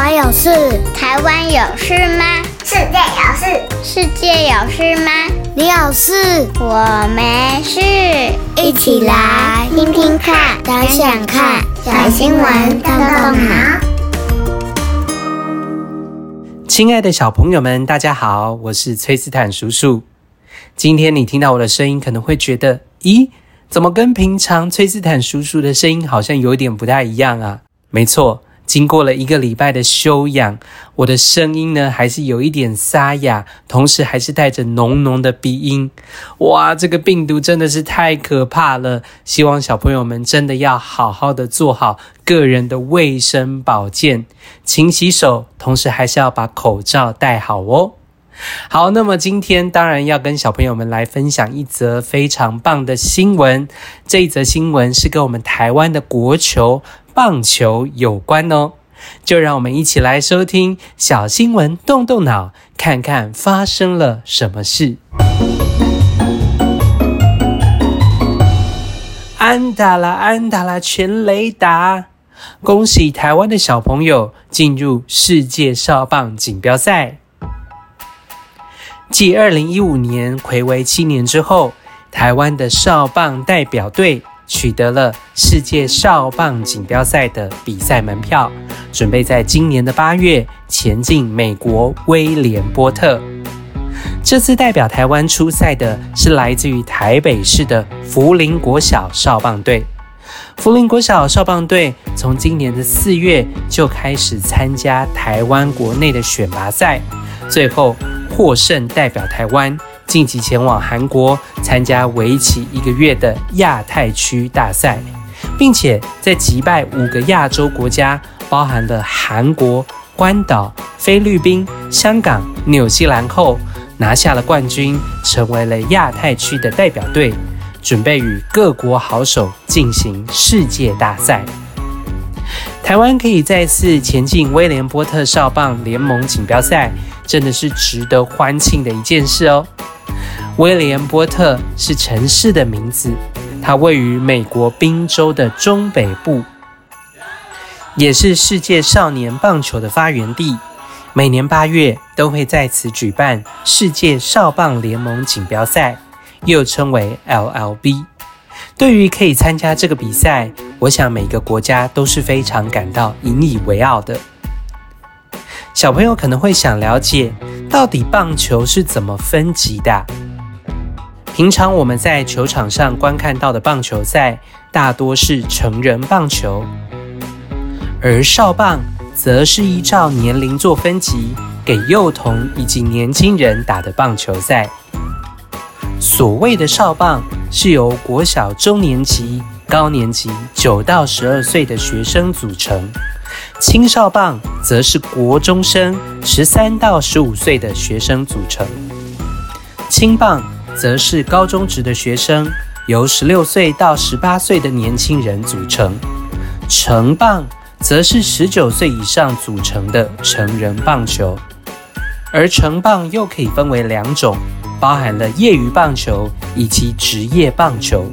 我有事，台灣有事嗎？世界有事，世界有事嗎？你有事，我沒事。一起來聽聽看，想想看，小新聞動動腦。親愛的，小朋友們，大家好，我是崔斯坦叔叔。今天你聽到我的聲音，可能會覺得，咦，怎麼跟平常崔斯坦叔叔的聲音好像有點不太一樣啊？沒錯。經過了一個禮拜的修養，我的聲音呢，還是有一點沙啞，同時還是帶着濃濃的鼻音。哇，這個病毒真的是太可怕了！希望小朋友們真的要好好的做好個人的衛生保健，勤洗手，同時還是要把口罩戴好哦。好，那麼今天當然要跟小朋友們來分享一則非常棒的新聞。這一則新聞是跟我們台灣的國球棒球有關哦。就讓我們一起來收聽小新聞，動動腦，看看發生了什麼事。安打啦，安打啦！全壘打，恭喜台灣的小朋友進入世界少棒錦標賽！繼二零一五年暌違七年之後，台灣的少棒代表隊取得了世界少棒錦標賽的比賽門票，準備在今年的八月前進美國威廉波特。這次代表台灣出賽的是來自於台北市的福林國小少棒隊。福林國小少棒隊從今年的四月就開始參加台灣國內的選拔賽，最後，獲勝代表台灣晉級前往韓國參加為期一個月的亞太區大賽，並且在擊敗五個亞洲國家（包含了韓國、關島、菲律賓、香港、紐西蘭）後，拿下了冠軍，成為了亞太區的代表隊，準備與各國好手進行世界大賽。台灣可以再次前進威廉波特少棒聯盟錦標賽，真的是值得歡慶的一件事哦。威廉波特是城市的名字，它位於美國賓州的中北部，也是世界少年棒球的發源地。每年八月都會在此舉辦世界少棒聯盟錦標賽，又稱為 LLB。對於可以參加這個比賽，我想每個國家都是非常感到引以為傲的。小朋友可能會想了解，到底棒球是怎麼分級的？平常我們在球場上觀看到的棒球賽，大多是成人棒球，而少棒則是依照年齡做分級，給幼童以及年輕人打的棒球賽。所謂的少棒，是由國小中年級、高年級九到十二歲的學生組成。青少棒則是國中生十三到十五歲的學生組成。青棒則是高中職的學生，由十六歲到十八歲的年輕人組成。成棒則是十九歲以上組成的成人棒球，而成棒又可以分為兩種，包含了業餘棒球以及職業棒球。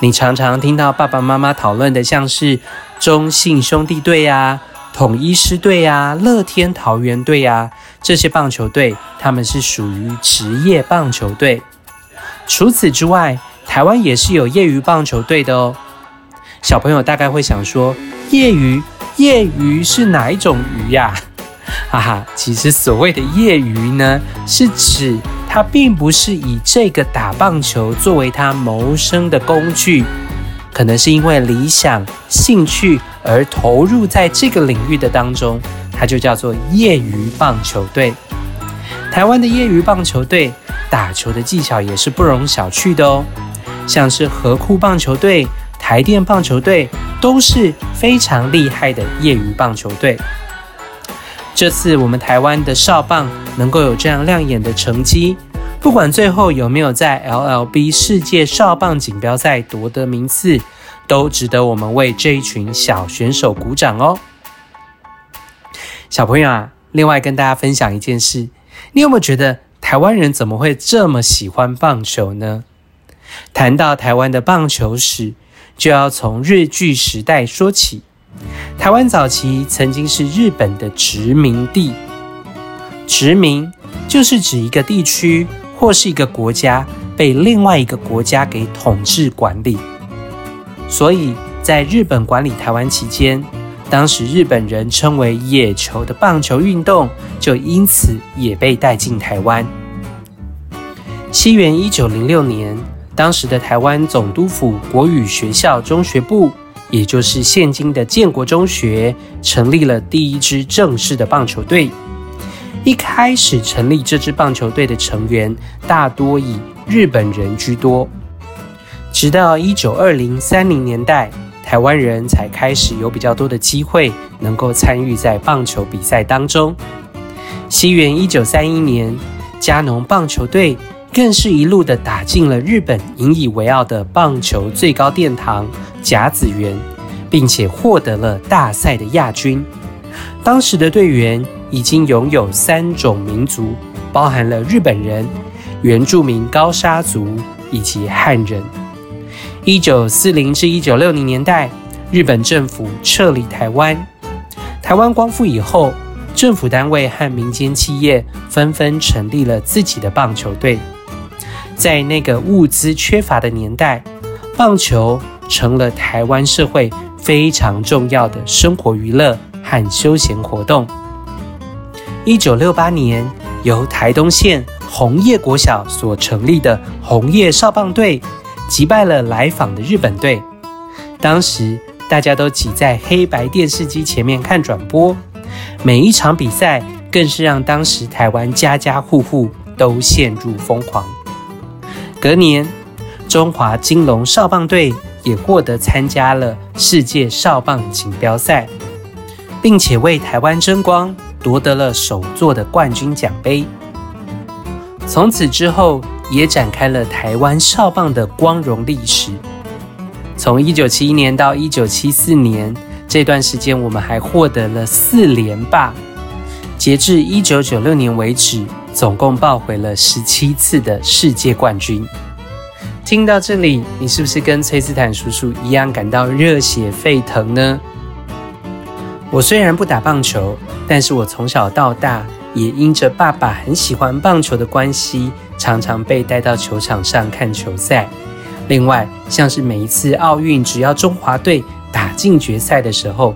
你常常聽到爸爸媽媽討論的，像是中信兄弟隊呀、啊、統一獅隊呀、啊、樂天桃園隊呀、啊，這些棒球隊，他們是屬於職業棒球隊。除此之外，台灣也是有業餘棒球隊的哦。小朋友大概會想說，業餘業餘是哪一種魚呀、啊？哈哈，其實所謂的業餘呢，是指。他並不是以這個打棒球作為他謀生的工具，可能是因為理想、興趣而投入在這個領域的當中，他就叫做業餘棒球隊。台灣的業餘棒球隊打球的技巧也是不容小覷的哦，像是合庫棒球隊、台電棒球隊都是非常厲害的業餘棒球隊。這次我們台灣的少棒能夠有這樣亮眼的成績。不管最後有沒有在 LLB 世界少棒錦標賽奪得名次，都值得我們為這一群小選手鼓掌哦。小朋友啊，另外跟大家分享一件事，你有沒有覺得台灣人怎麼會這麼喜歡棒球呢？談到台灣的棒球史，就要從日據時代說起。台灣早期曾經是日本的殖民地，殖民就是指一個地區。或是一個國家被另外一個國家給統治管理，所以在日本管理台灣期間，當時日本人稱為野球的棒球運動就因此也被帶進台灣。西元一九零六年，當時的台灣總督府國語學校中學部，也就是現今的建國中學，成立了第一支正式的棒球隊。一開始成立這支棒球隊的成員大多以日本人居多，直到一九二零三零年代，台灣人才開始有比較多的機會能夠參與在棒球比賽當中。西元一九三一年，嘉農棒球隊更是一路的打進了日本引以為傲的棒球最高殿堂甲子園，並且獲得了大賽的亞軍。當時的隊員。已經擁有三種民族，包含了日本人、原住民高砂族以及漢人。一九四零至一九六零年代，日本政府撤離台灣，台灣光復以後，政府單位和民間企業紛紛成立了自己的棒球隊。在那個物資缺乏的年代，棒球成了台灣社會非常重要的生活娛樂和休閒活動。一九六八年，由台東縣紅葉國小所成立的紅葉少棒隊擊敗了來訪的日本隊。當時大家都擠在黑白電視機前面看轉播，每一場比賽更是讓當時台灣家家戶戶都陷入瘋狂。隔年，中華金龍少棒隊也獲得參加了世界少棒錦標賽，並且為台灣爭光。奪得了首座的冠軍獎杯，從此之後也展開了台灣少棒的光榮歷史。從一九七一年到一九七四年這段時間，我們還獲得了四連霸。截至一九九六年為止，總共抱回了十七次的世界冠軍。聽到這裡，你是不是跟崔斯坦叔叔一樣感到熱血沸騰呢？我雖然不打棒球，但是我從小到大也因着爸爸很喜歡棒球的關係，常常被帶到球場上看球賽。另外，像是每一次奧運，只要中華隊打進決賽的時候，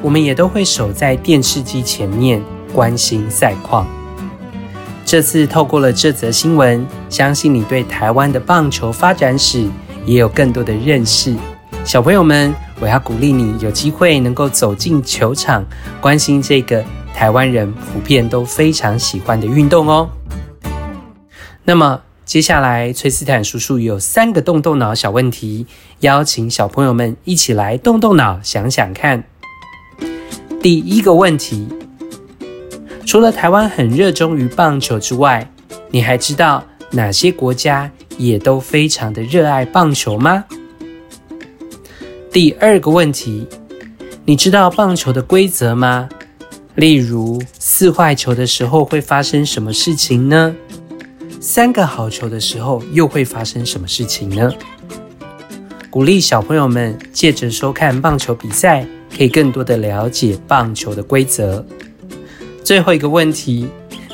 我們也都會守在電視機前面關心賽況。這次透過了這則新聞，相信你對台灣的棒球發展史也有更多的認識。小朋友們。我要鼓勵你有機會能夠走進球場，關心這個台灣人普遍都非常喜歡的運動哦。那麼接下來，崔斯坦叔叔有三個動動腦小問題，邀請小朋友們一起來動動腦，想想看。第一個問題：除了台灣很熱衷於棒球之外，你還知道哪些國家也都非常的熱愛棒球嗎？第二個問題，你知道棒球的規則嗎？例如四壞球的時候會發生什麼事情呢？三個好球的時候又會發生什麼事情呢？鼓勵小朋友們借着收看棒球比賽，可以更多的了解棒球的規則。最後一個問題，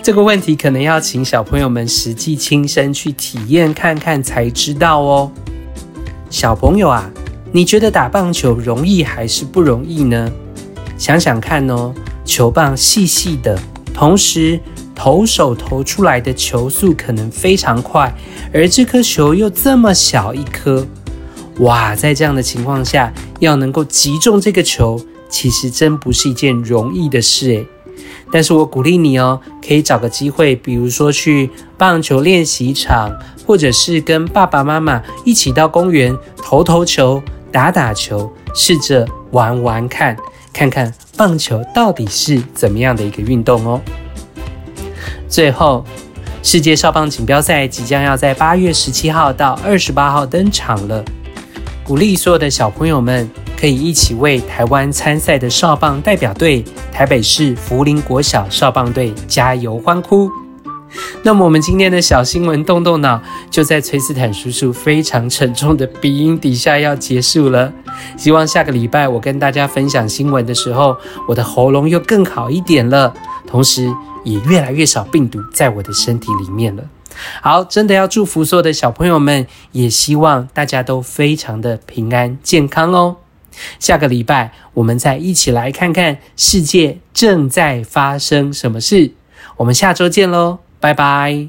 這個問題可能要請小朋友們實際親身去體驗看看才知道哦。小朋友啊，你覺得打棒球容易還是不容易呢？想想看哦，球棒細細的，同時投手投出來的球速可能非常快，而這顆球又這麼小一顆，哇，在這樣的情況下，要能夠擊中這個球，其實真不是一件容易的事誒。但是我鼓勵你哦，可以找個機會，比如說去棒球練習場，或者是跟爸爸媽媽一起到公園投投球。打打球，試着玩玩看，看看棒球到底是怎麼樣的一個運動哦。最後，世界少棒錦標賽即將要在八月十七號到二十八號登場了。鼓勵所有的小朋友們可以一起為台灣參賽的少棒代表隊——台北市福林國小少棒隊加油歡呼。那麼我們今天的小新聞，動動腦，就在崔斯坦叔叔非常沉重的鼻音底下要結束了。希望下個禮拜我跟大家分享新聞的時候，我的喉嚨又更好一點了，同時也越來越少病毒在我的身體裡面了。好，真的要祝福所有的小朋友們，也希望大家都非常的平安健康哦。下個禮拜我們再一起來看看世界正在發生什麼事。我們下周見嘍。拜拜。